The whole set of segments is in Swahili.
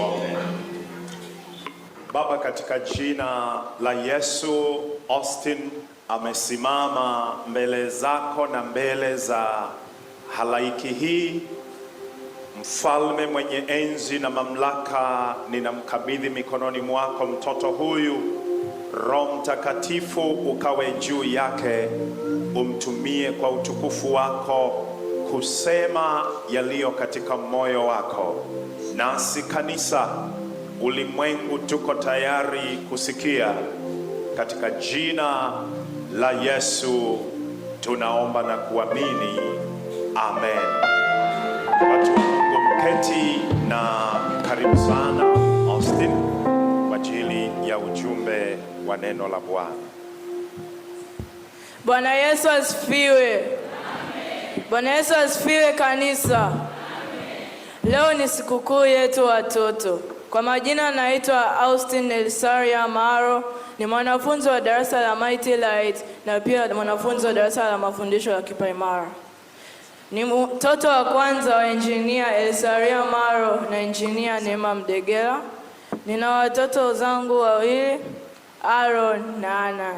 tuombe. Baba, katika jina la Yesu, Austin amesimama mbele zako na mbele za halaiki hii. Mfalme mwenye enzi na mamlaka, ninamkabidhi mikononi mwako mtoto huyu. Roho Mtakatifu ukawe juu yake, umtumie kwa utukufu wako kusema yaliyo katika moyo wako, nasi kanisa, ulimwengu, tuko tayari kusikia. Katika jina la Yesu tunaomba na kuamini, amen. Watu mketi na karibu sana Austin kwa ajili ya ujumbe wa neno la Bwana. Bwana Yesu asifiwe. Bwana Yesu asifiwe kanisa. Amen. Leo ni sikukuu yetu watoto. Kwa majina naitwa Austin Nelsaria Maro, ni mwanafunzi wa darasa la Mighty Light na pia mwanafunzi wa darasa la mafundisho ya kipaimara. Ni mtoto wa kwanza wa Injinia Elsaria Maro na Injinia Neema Mdegela. Nina watoto zangu wawili Aaron na Ana.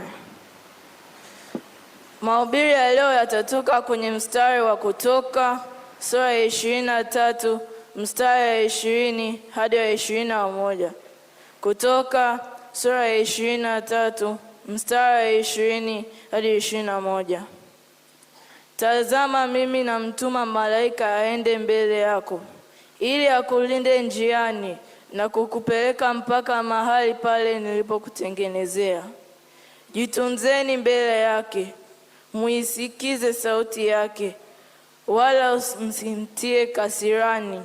Mahubiri ya leo yatatoka kwenye mstari wa Kutoka sura ya ishirini na tatu mstari wa ishirini hadi wa ishirini na moja. Kutoka sura ya ishirini na tatu mstari wa ishirini hadi ishirini na moja. Tazama, mimi namtuma malaika aende mbele yako ili akulinde njiani na kukupeleka mpaka mahali pale nilipokutengenezea. Jitunzeni mbele yake muisikize sauti yake, wala msimtie kasirani,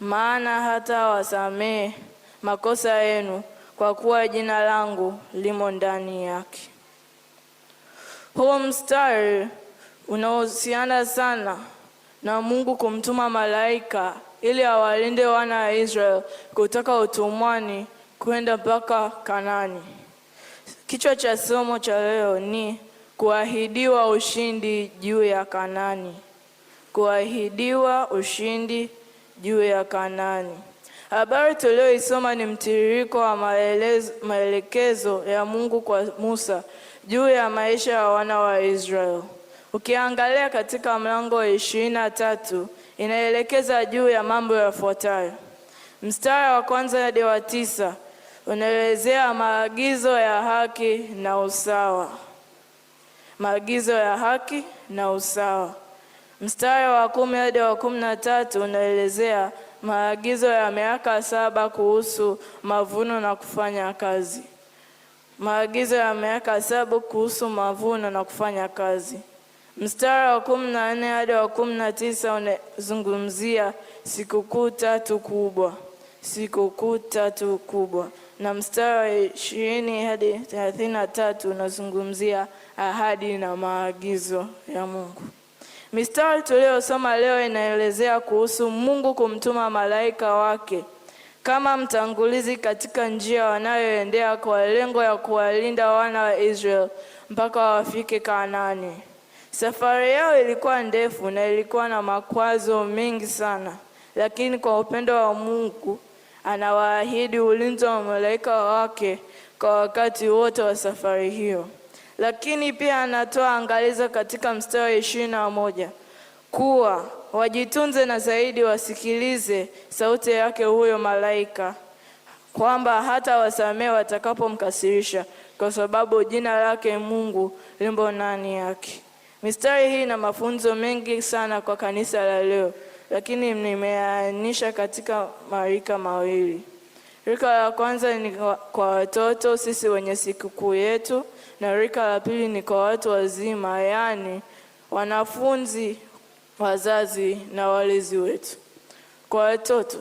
maana hata wasamehe makosa yenu, kwa kuwa jina langu limo ndani yake. Huo mstari unahusiana sana na Mungu kumtuma malaika ili awalinde wana wa Israel kutoka utumwani kwenda mpaka Kanaani. Kichwa cha somo cha leo ni Kuahidiwa ushindi juu ya kanani Kuahidiwa ushindi juu ya kanani Habari tuliyoisoma ni mtiririko wa maelezo, maelekezo ya Mungu kwa Musa juu ya maisha ya wana wa Israeli. Ukiangalia katika mlango wa ishirini na tatu inaelekeza juu ya mambo yafuatayo. Mstari wa kwanza hadi wa tisa unaelezea maagizo ya haki na usawa maagizo ya haki na usawa. Mstari wa kumi hadi wa kumi na tatu unaelezea maagizo ya miaka saba kuhusu mavuno na kufanya kazi. Maagizo ya miaka saba kuhusu mavuno na kufanya kazi. Mstari wa kumi na nne hadi wa kumi na tisa unazungumzia sikukuu tatu kubwa. Sikukuu tatu kubwa na mstari wa ishirini hadi thelathini na tatu unazungumzia ahadi na maagizo ya Mungu. Mistari tuliyosoma leo inaelezea kuhusu Mungu kumtuma malaika wake kama mtangulizi katika njia wanayoendea kwa lengo ya kuwalinda wana wa israel mpaka wafike Kanaani. Safari yao ilikuwa ndefu na ilikuwa na makwazo mengi sana, lakini kwa upendo wa Mungu anawaahidi ulinzi wa malaika wake kwa wakati wote wa safari hiyo. Lakini pia anatoa angalizo katika mstari wa ishirini na moja kuwa wajitunze na zaidi wasikilize sauti yake huyo malaika, kwamba hata wasamee watakapomkasirisha, kwa sababu jina lake Mungu limbo ndani yake. Mistari hii na mafunzo mengi sana kwa kanisa la leo lakini nimeainisha katika marika mawili. Rika la kwanza ni kwa watoto, sisi wenye sikukuu yetu, na rika la pili ni kwa watu wazima, yaani wanafunzi, wazazi na walezi wetu. Kwa watoto,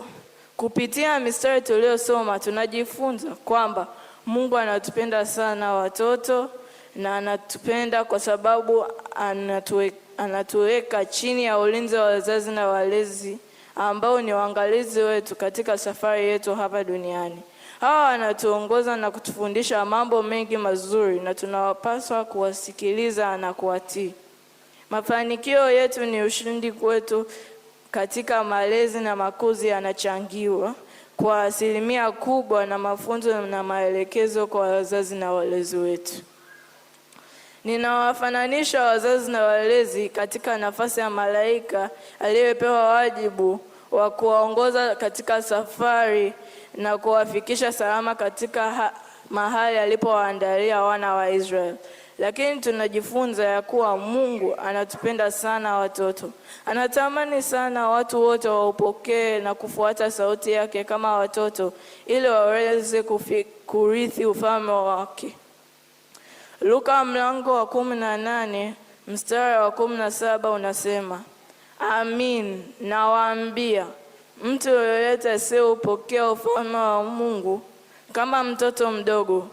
kupitia mistari tuliyosoma tunajifunza kwamba Mungu anatupenda sana watoto na anatupenda kwa sababu anatuwekea anatuweka chini ya ulinzi wa wazazi na walezi ambao ni waangalizi wetu katika safari yetu hapa duniani. Hawa wanatuongoza na kutufundisha mambo mengi mazuri na tunawapaswa kuwasikiliza na kuwatii. Mafanikio yetu ni ushindi wetu katika malezi na makuzi yanachangiwa kwa asilimia kubwa na mafunzo na maelekezo kwa wazazi na walezi wetu. Ninawafananisha wazazi na walezi katika nafasi ya malaika aliyepewa wajibu wa kuwaongoza katika safari na kuwafikisha salama katika mahali alipowaandalia wana wa Israeli. Lakini tunajifunza ya kuwa Mungu anatupenda sana watoto. Anatamani sana watu wote waupokee na kufuata sauti yake kama watoto ili waweze kurithi ufalme wake. Luka mlango wa kumi na nane mstari wa kumi na saba unasema, amin nawaambia, mtu yoyote asiyeupokea ufalme wa Mungu kama mtoto mdogo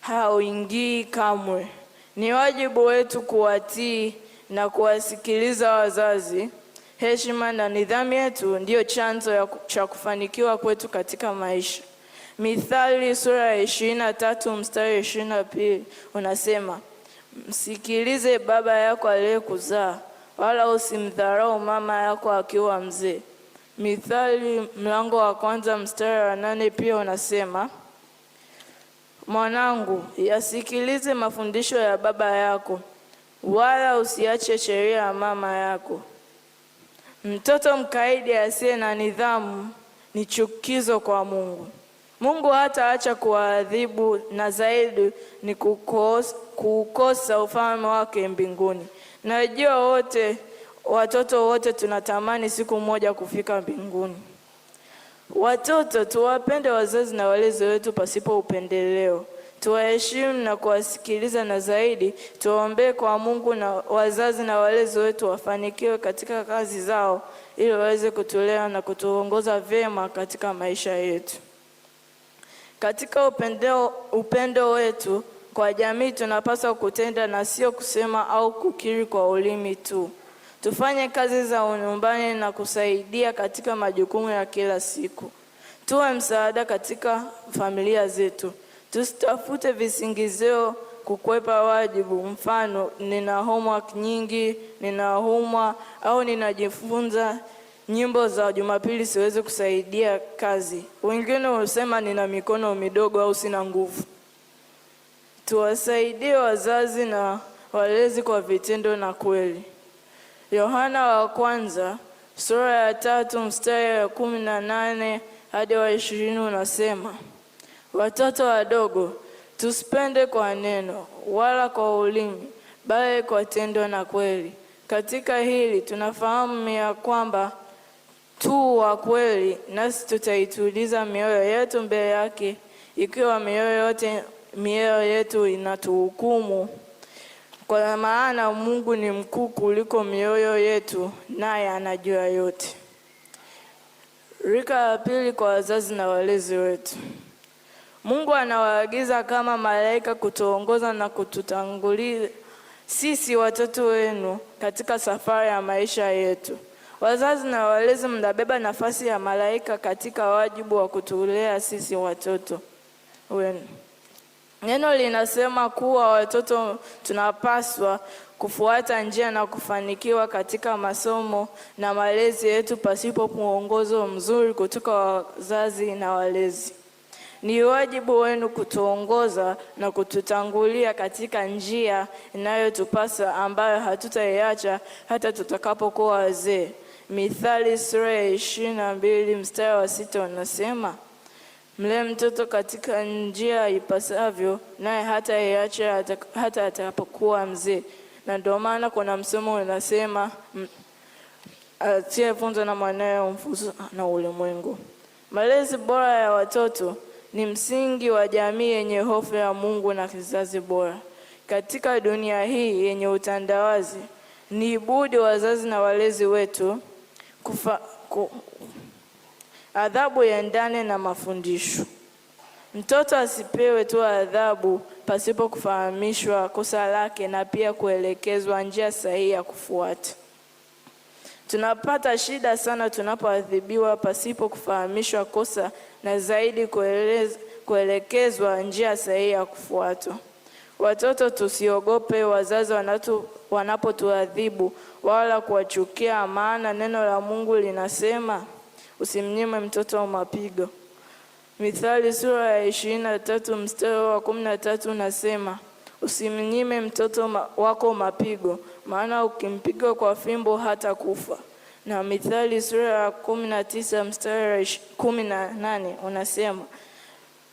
hauingii kamwe. Ni wajibu wetu kuwatii na kuwasikiliza wazazi. Heshima na nidhamu yetu ndiyo chanzo cha kufanikiwa kwetu katika maisha. Mithali sura ya ishirini na tatu mstari wa ishirini na pili unasema, msikilize baba yako aliyekuzaa, wala usimdharau mama yako akiwa mzee. Mithali mlango wa kwanza mstari wa nane pia unasema, mwanangu, yasikilize mafundisho ya baba yako, wala usiache sheria ya mama yako. Mtoto mkaidi asiye na nidhamu ni chukizo kwa Mungu. Mungu hataacha kuwaadhibu na zaidi ni kukosa, ufalme wake mbinguni. Najua wote watoto wote tunatamani siku moja kufika mbinguni. Watoto, tuwapende wazazi na walezi wetu pasipo upendeleo, tuwaheshimu na kuwasikiliza, na zaidi tuwaombee kwa Mungu na wazazi na walezi wetu wafanikiwe katika kazi zao, ili waweze kutulea na kutuongoza vyema katika maisha yetu. Katika upendo, upendo wetu kwa jamii tunapaswa kutenda na sio kusema au kukiri kwa ulimi tu. Tufanye kazi za unyumbani na kusaidia katika majukumu ya kila siku. Tuwe msaada katika familia zetu. Tusitafute visingizio kukwepa wajibu. Mfano, nina homework nyingi, ninaumwa au ninajifunza nyimbo za Jumapili siwezi kusaidia kazi. Wengine husema nina mikono midogo au sina nguvu. Tuwasaidie wazazi na walezi kwa vitendo na kweli. Yohana wa kwanza sura ya tatu mstari wa kumi na nane hadi wa ishirini unasema, watoto wadogo, tusipende kwa neno wala kwa ulimi, bali kwa tendo na kweli. Katika hili tunafahamu ya kwamba tu wa kweli, nasi tutaituliza mioyo yetu mbele yake, ikiwa mioyo yote mioyo yetu inatuhukumu. Kwa maana Mungu ni mkuu kuliko mioyo yetu, naye anajua yote. Rika la pili kwa wazazi na walezi wetu. Mungu anawaagiza kama malaika kutuongoza na kututangulia sisi watoto wenu katika safari ya maisha yetu. Wazazi na walezi mnabeba nafasi ya malaika katika wajibu wa kutulea sisi watoto wenu. Neno linasema kuwa watoto tunapaswa kufuata njia na kufanikiwa katika masomo na malezi yetu pasipo mwongozo mzuri kutoka wazazi na walezi. Ni wajibu wenu kutuongoza na kututangulia katika njia inayotupasa ambayo hatutaiacha hata tutakapokuwa wazee. Mithali sura ya ishirini na mbili mstari wa sita unasema mlee mtoto katika njia ipasavyo, naye hata iacha hata, atakapokuwa mzee. Na ndio maana kuna msemo unasema funzo na mwanaye humfuzwa na ulimwengu. Malezi bora ya watoto ni msingi wa jamii yenye hofu ya Mungu na kizazi bora. Katika dunia hii yenye utandawazi, ni budi wazazi na walezi wetu kufa, ku, adhabu ya ndani na mafundisho. Mtoto asipewe tu adhabu pasipo kufahamishwa kosa lake na pia kuelekezwa njia sahihi ya kufuata. Tunapata shida sana tunapoadhibiwa pasipo kufahamishwa kosa na zaidi kuelekezwa njia sahihi ya kufuatwa. Watoto tusiogope wazazi wanapotuadhibu wala kuwachukia, maana neno la Mungu linasema usimnyime mtoto mapigo. Mithali sura ya ishirini na tatu mstari wa kumi na tatu unasema usimnyime mtoto wako mapigo, maana ukimpiga kwa fimbo hata kufa. Na Mithali sura ya kumi na tisa mstari wa kumi na nane unasema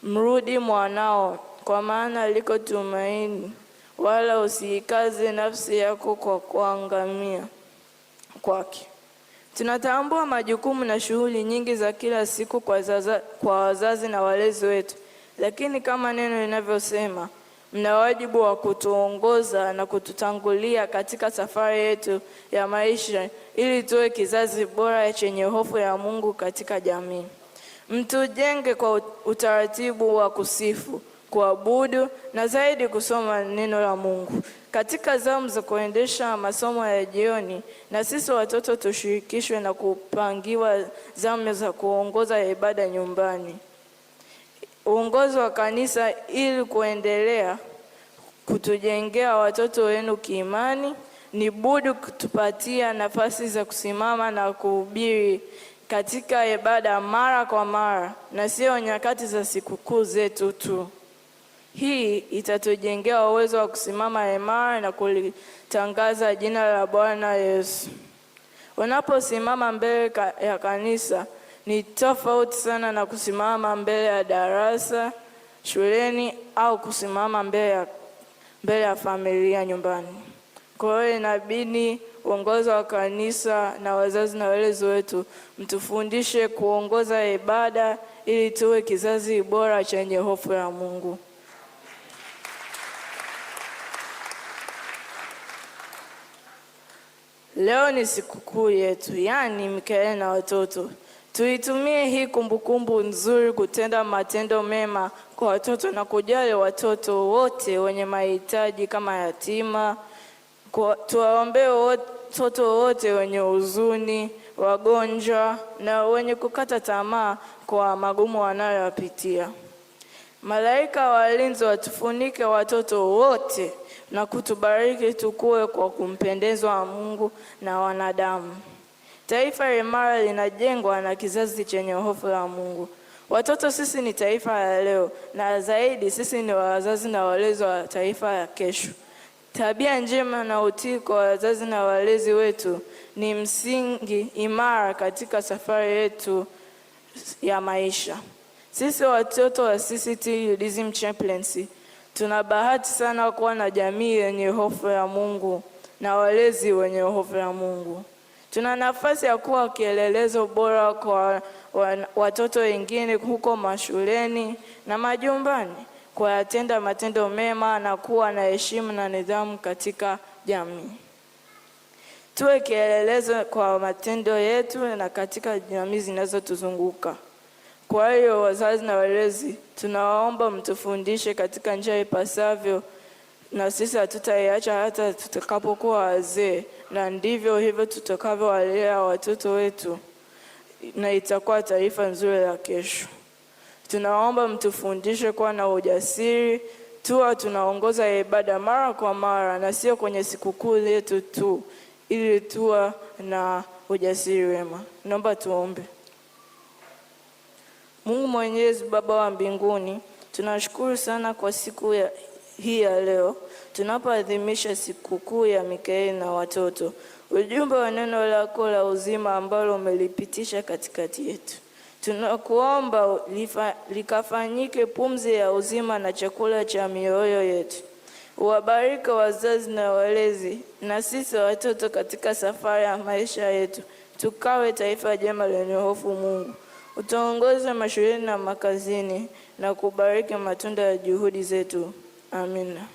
mrudi mwanao kwa maana liko tumaini, wala usiikaze nafsi yako kwa kuangamia kwake. Tunatambua majukumu na shughuli nyingi za kila siku kwa, zaza, kwa wazazi na walezi wetu, lakini kama neno linavyosema, mna wajibu wa kutuongoza na kututangulia katika safari yetu ya maisha ili tuwe kizazi bora chenye hofu ya Mungu katika jamii. Mtujenge kwa utaratibu wa kusifu kuabudu na zaidi kusoma neno la Mungu. Katika zamu za kuendesha masomo ya jioni, na sisi watoto tushirikishwe na kupangiwa zamu za kuongoza ibada nyumbani, uongozi wa kanisa, ili kuendelea kutujengea watoto wenu kiimani. Ni budi kutupatia nafasi za kusimama na kuhubiri katika ibada mara kwa mara na sio nyakati za sikukuu zetu tu. Hii itatujengea uwezo wa kusimama imara na kulitangaza jina la Bwana Yesu. Unaposimama mbele ya kanisa ni tofauti sana na kusimama mbele ya darasa shuleni au kusimama mbele ya, mbele ya familia nyumbani. Kwa hiyo inabidi uongozi wa kanisa na wazazi na walezi wetu mtufundishe kuongoza ibada ili tuwe kizazi bora chenye hofu ya Mungu. Leo ni sikukuu yetu, yaani Mikaeli na watoto. Tuitumie hii kumbukumbu nzuri kutenda matendo mema kwa watoto na kujali watoto wote wenye mahitaji kama yatima. Tuwaombee watoto wote wenye huzuni, wagonjwa na wenye kukata tamaa kwa magumu wanayoyapitia. Malaika walinzi watufunike watoto wote na kutubariki tukue kwa kumpendezwa Mungu na wanadamu. Taifa imara linajengwa na kizazi chenye hofu la Mungu. Watoto, sisi ni taifa ya leo, na zaidi sisi ni wazazi na walezi wa taifa ya kesho. Tabia njema na utii kwa wazazi na walezi wetu ni msingi imara katika safari yetu ya maisha. Sisi watoto wa CCT Judaism Chaplaincy Tuna bahati sana kuwa na jamii yenye hofu ya Mungu na walezi wenye hofu ya Mungu. Tuna nafasi ya kuwa kielelezo bora kwa watoto wengine huko mashuleni na majumbani, kuyatenda matendo mema na kuwa na heshima na nidhamu katika jamii. Tuwe kielelezo kwa matendo yetu na katika jamii zinazotuzunguka. Kwa hiyo wazazi na walezi, tunawaomba mtufundishe katika njia ipasavyo, na sisi hatutaiacha hata tutakapokuwa wazee, na ndivyo hivyo tutakavyowalea watoto wetu, na itakuwa taifa nzuri la kesho. Tunaomba mtufundishe kuwa na ujasiri, tuwa tunaongoza ibada mara kwa mara na sio kwenye sikukuu letu tu, ili tuwa na ujasiri wema. Naomba tuombe. Mungu Mwenyezi, Baba wa mbinguni, tunashukuru sana kwa siku ya hii ya leo tunapoadhimisha sikukuu ya Mikaeli na watoto, ujumbe wa neno lako la uzima ambalo umelipitisha katikati yetu. Tunakuomba likafanyike pumzi ya uzima na chakula cha mioyo yetu. Uwabariki wazazi na walezi na sisi watoto katika safari ya maisha yetu, tukawe taifa jema lenye hofu Mungu utuongoze mashuleni na makazini na kubariki matunda ya juhudi zetu. Amina.